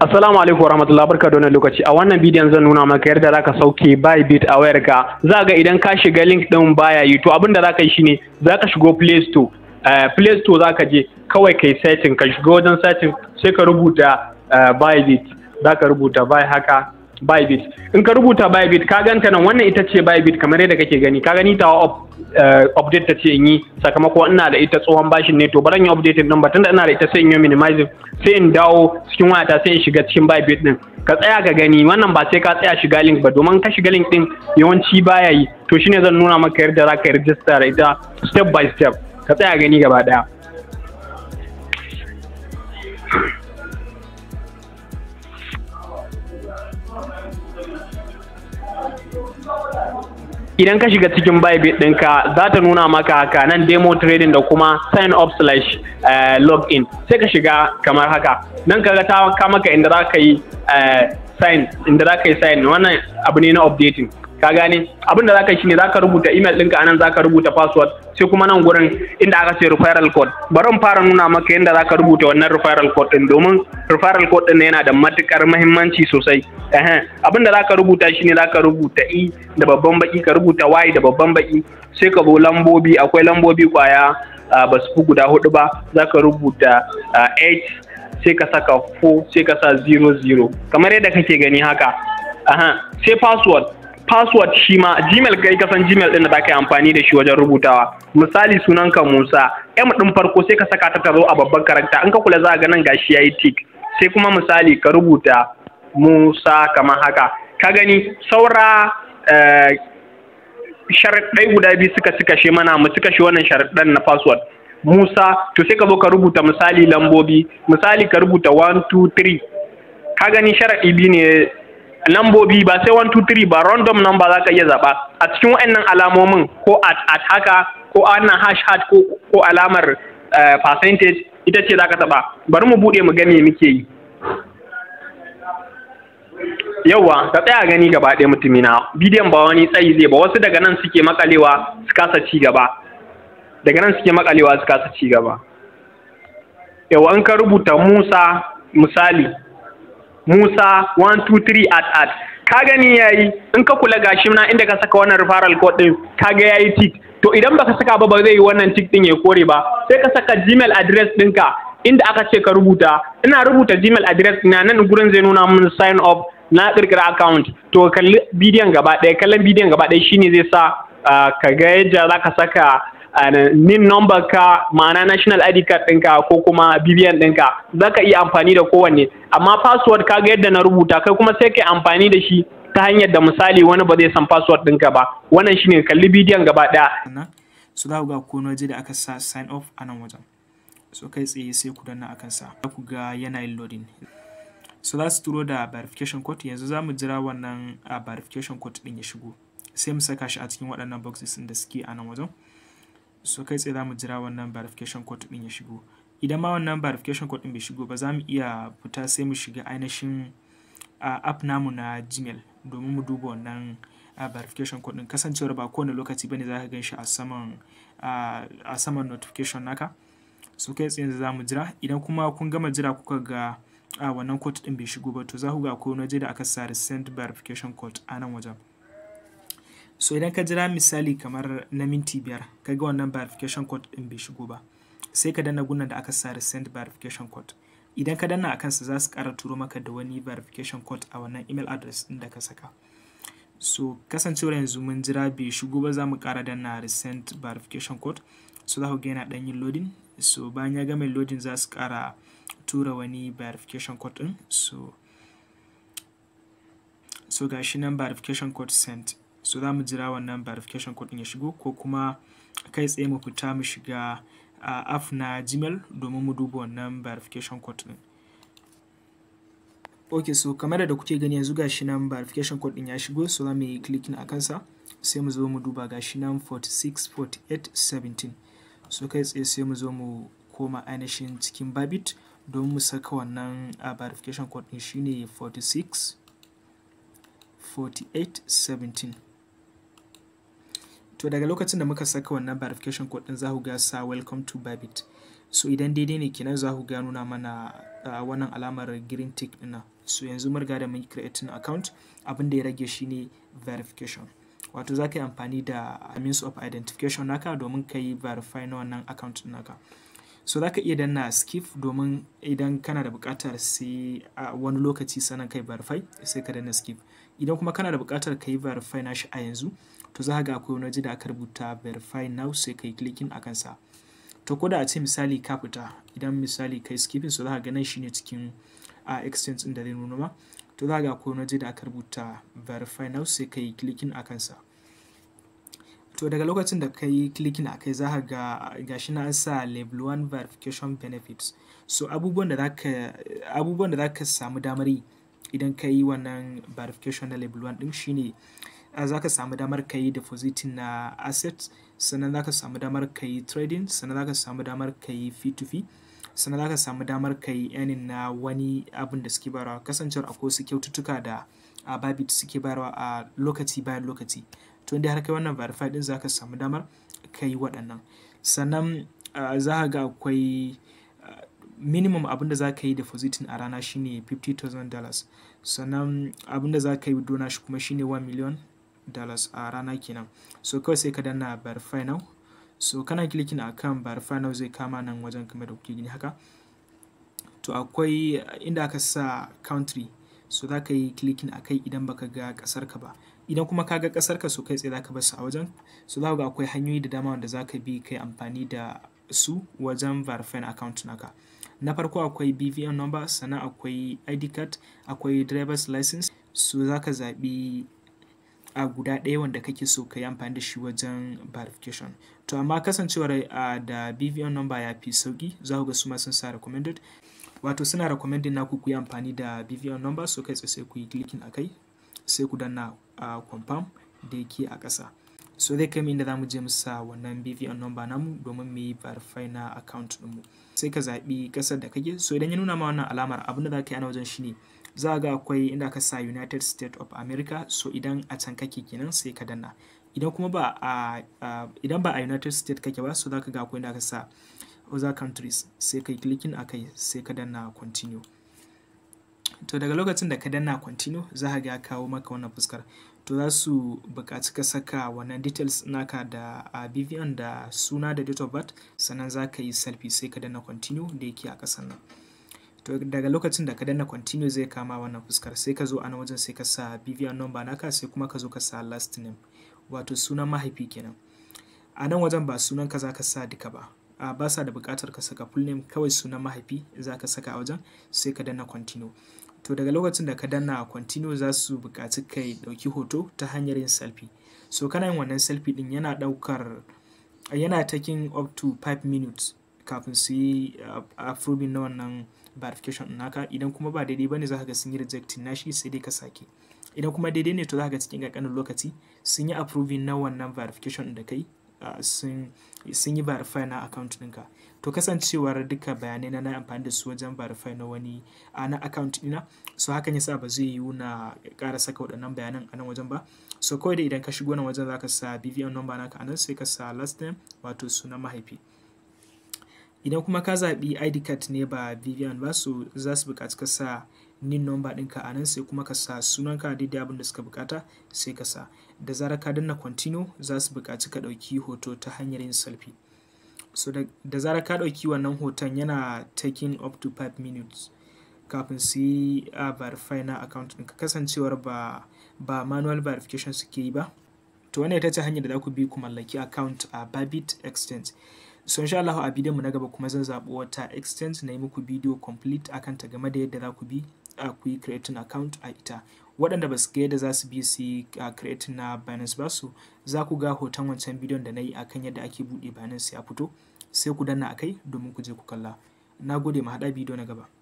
Assalamu alaikum warahmatullahi barka da wannan lokaci a wannan bidiyon zan nuna maka yadda zaka sauke Bybit a wayarka za ga idan ka shiga link din baya yi to abin da zaka yi shine zaka shigo Play Store uh, Play Store zaka je kawai kai setting ka shigo wajen setting sai ka rubuta uh, Bybit zaka rubuta buy haka Bybit in ka rubuta Bybit ka ganta nan wannan ita ce Bybit kamar yadda kake gani ka gani ta eh, update ta ce in yi sakamako ina da ita tsohon bashin ne to baran yi update din ba tunda ina da ita sai in yi minimizing sai in dawo cikin wayata sai in shiga cikin Bybit din ka tsaya ka gani wannan ba sai ka tsaya shiga link ba domin ka shiga link din yawanci baya yi to shine zan nuna maka yadda za ka register ita step by step ka tsaya gani gaba daya idan ka shiga cikin bybit ɗinka za ta nuna maka haka nan demo trading da kuma sign up slash eh, in sai ka shiga kamar haka nan kaga ta maka inda za ka yi eh, sign inda za ka yi sign wannan abu ne na updating ka gane abin da zaka yi shine ka rubuta email ɗinka anan zaka rubuta password sai kuma nan gurin inda aka ce referral code bari in fara nuna maka yadda zaka rubuta wannan referral code din domin referral code din yana da matukar muhimmanci sosai eh abin da zaka rubuta shine zaka rubuta i e da babban baki ka rubuta y da babban baki sai ka bo lambobi akwai lambobi kwaya ba su fi guda hudu ba zaka rubuta 8 sai ka saka 4 sai ka sa 00 kamar yadda kake gani haka aha sai password password shi ma gmail kai ka san gmail din da kai amfani da shi wajen rubutawa misali ka Musa M din farko sai ka saka ta ta zo a babban karanta in ka kula za ga nan gashi yayi tick sai kuma misali ka rubuta Musa kamar haka ka gani saura eh, sharaɗai guda biyu suka suka kashe mana mu suka kashe wannan sharaɗan na password Musa to sai ka zo ka rubuta misali lambobi misali ka rubuta 1 2 3 ka gani sharaɗi biyu ne lambobi ba sai 1 2 3 ba random number za ka iya zaba a cikin wa'annan alamomin ko at at haka ko wannan hash hat ko ko alamar eh, percentage ita ce za ka taba bari mu bude mu gani muke yi yauwa ka tsaya gani gaba ɗaya mutumina bidiyon ba wani tsayi zai ba wasu daga nan suke makalewa su kasa ci gaba daga nan suke makalewa su kasa ci gaba yauwa an ka rubuta musa misali Musa 123 at at ka gani yayi in ka kula gashi na inda ka saka wannan referral code din kaga yayi tick to idan baka saka ba ba zai yi wannan tick din ya kore ba sai ka saka Gmail address ɗinka inda aka ce ka rubuta ina rubuta Gmail address na nan gurin zai nuna mun sign up na kirkira account to kalli bidiyon gaba ɗaya kallon bidiyon gaba ɗaya shine zai sa ah, ka ga yadda zaka saka nin uh, number ka ma'ana national id card ɗinka ko kuma bbn ɗinka za ka iya amfani da kowanne amma password ka ga yadda na rubuta kai kuma sai ka amfani da shi ta hanyar da misali wani ba zai san password ɗinka ba wannan shine kalli bidiyon gaba ɗaya. su za ku ga ko waje da aka sa sign off a nan wajen so kai tsaye sai ku danna akan sa za ku ga yana yin loading so za su turo da verification code yanzu za mu jira wannan a ah, verification code ɗin ya shigo sai mu saka shi a cikin waɗannan boxes din da suke a nan wajen so kai tsaye za mu jira wannan verification code din ya shigo idan ma wannan verification code din bai shigo ba za mu iya fita sai mu shiga ainihin ah, app namu na gmail domin mu duba wannan a ah, verification code din kasancewar ba kowane lokaci bane za ka gan shi a saman ah, a saman notification naka so kai tsaye za mu jira idan kuma kun gama jira kuka ga a wannan code din bai shigo ba to za ku ga akwai wani waje da aka sa send verification code a nan wajen so idan ka jira misali kamar na minti biyar ka ga wannan verification code din bai shigo ba sai ka danna gunan da aka sa resend verification code idan ka danna a kansa za su kara turo maka da wani verification code a wannan email address din da ka saka so kasancewar yanzu mun jira bai shigo ba za mu kara danna resend verification code so za ku ga yana ɗan yin loading so bayan ya gama loading za su kara tura wani verification code din so so gashi nan verification code sent so za mu jira wannan verification code ya shigo ko kuma kai tsaye mu fita mu shiga uh, app na gmail domin mu duba wannan verification code din ok so kamar da kuke gani yanzu gashi nan verification code din ya shigo so za mu yi clicking a kansa sai mu zo mu duba gashi nan 464817 so kai tsaye sai mu zo mu koma ainihin cikin babit don mu saka wannan a verification code din shine 46 4817 to daga lokacin da muka saka wannan verification code din za ku ga sa welcome to Bybit so idan daidai ne kenan za ku ga nuna mana uh, wannan alamar green tick din so yanzu mun riga da mun create an account abin da ya rage shine verification wato za ka yi amfani da ah, means of identification naka domin ka yi verify na wannan account naka so za ka iya danna skip domin idan kana da bukatar sai uh, wani lokaci sanan kai verify sai ka danna skip idan kuma kana da buƙatar ka yi verify shi a yanzu to za ga akwai wani waje da aka rubuta verify now sai kai clicking kan sa to koda da a ce misali ka fita idan misali kai skipping so za ga nan shine cikin a exchange din da zai nuna ma to za ga akwai wani waje da aka rubuta verify now sai kai clicking kan sa to daga lokacin da ka yi clicking a kai za ga gashi na an sa level 1 verification benefits so abubuwan da za ka samu damar yi idan ka yi wannan verification na level 1 ɗin shine ah, za ka samu damar ka yi depositing na assets sannan za ka samu damar ka yi trading sannan za ka samu damar ka yi fee sannan za ka samu damar ka yi earning na wani abin da suke bayarwa kasancewar akwai su kyaututtuka da a ah, babit suke bayarwa a lokaci bayan lokaci to inda har kai wannan verify din za ka samu damar ka yi waɗannan sannan ah, za ka ga akwai minimum abinda za ka yi depositing a rana shine $50,000 sannan abinda za ka yi withdraw shi kuma shine $1 million a rana kenan so kawai sai ka danna bar final so kana kilikin akan bar final zai kama nan wajen kamar da kuke gini haka to akwai inda aka sa country so za ka yi clicking akai idan baka ga kasar ka ba idan kuma ka ga kasar ka so kai tsaye za ka bar su a wajen so za ga akwai hanyoyi da dama wanda za ka bi kai amfani da su wajen verifying account naka na farko akwai bvn number sannan akwai id card akwai driver's license so za ka zaɓi a guda ɗaya wanda kake so ka yi amfani da shi wajen verification to amma kasancewar da bvn number ya fi sauki za ku ga su ma sun sa recommended wato suna recommending na ku yi amfani da bvn number so kai sai ku yi clicking akai sai ku danna confirm da yake a ƙasa so zai kai mu inda za mu je mu sa wannan bvn number namu domin mu yi verify na account ɗinmu. mu sai ka zaɓi ƙasar da kake so idan ya nuna ma wannan alamar abin da za ka yi ana wajen shi ne za ga akwai inda ka sa United States of America so idan a can kake kenan sai ka danna idan kuma ba a idan ba a United States kake ba so za ka ga akwai inda ka sa other countries sai yi clicking a kai sai ka danna continue to daga lokacin da ka danna continue za ka ga kawo maka wannan fuskar to za su buƙaci ka saka wannan details naka da a vivian da suna da date of birth sannan za ka yi selfie sai ka danna continue da yake a kasan nan to daga lokacin da ka danna continue zai kama wannan fuskar sai ka zo a wajen sai ka sa vivian number naka sai kuma ka zo ka sa last name wato sunan mahaifi kenan a nan wajen ba sunan ka za ka sa duka ba a ba sa da buƙatar ka saka full name kawai sunan mahaifi za ka saka a wajen sai ka danna continue to daga lokacin da ka danna continue za su bukaci ka dauki hoto ta hanyar yin selfie so kana yin wannan selfie ɗin yana daukar yana taking up to 5 minutes kafin su yi uh, approving na wannan verification ɗin naka idan kuma ba daidai bane za ka ga sun yi rejecting nashi sai dai ka sake idan kuma daidai ne to za ka ga cikin ƙanƙanin lokaci sun yi approving na wannan verification da kai Uh, sun yi verify na account ɗinka to kasancewar duka bayanai na na amfani da su wajen verify na wani uh, na account ɗina so hakan yasa ba zai yiwu na ƙara saka waɗannan bayanan a nan wajen ba so kawai da idan ka shigo nan wajen ka sa BVN number naka a nan sai ka sa last name wato sunan mahaifi idan kuma ka zaɓi id card ne ba bvn ba so za su buƙaci ka sa nin number ɗinka a nan sai kuma ka sa sunan ka daidai abin da suka bukata sai ka sa da zarar ka danna continue za su bukaci ka dauki hoto ta hanyar yin selfie so da zarar ka ɗauki wannan hoton yana taking up to 5 minutes kafin su yi a verify na account ɗinka kasancewar ba ba manual verification suke yi ba to wannan ita ce hanyar da za ku bi ku mallaki account a babit extent so insha Allah a bidiyon mu na gaba kuma zan zaɓo wata extent na yi muku bidiyo complete akan ta game da yadda za ku bi ku yi creating account a ita waɗanda ba su ga yadda za su bi su yi creating na Binance ba su za ku ga hoton wancan bidiyon da na yi akan yadda ake buɗe Binance ya fito sai ku danna kai domin ku je ku kalla na gode mu haɗa bidiyo na gaba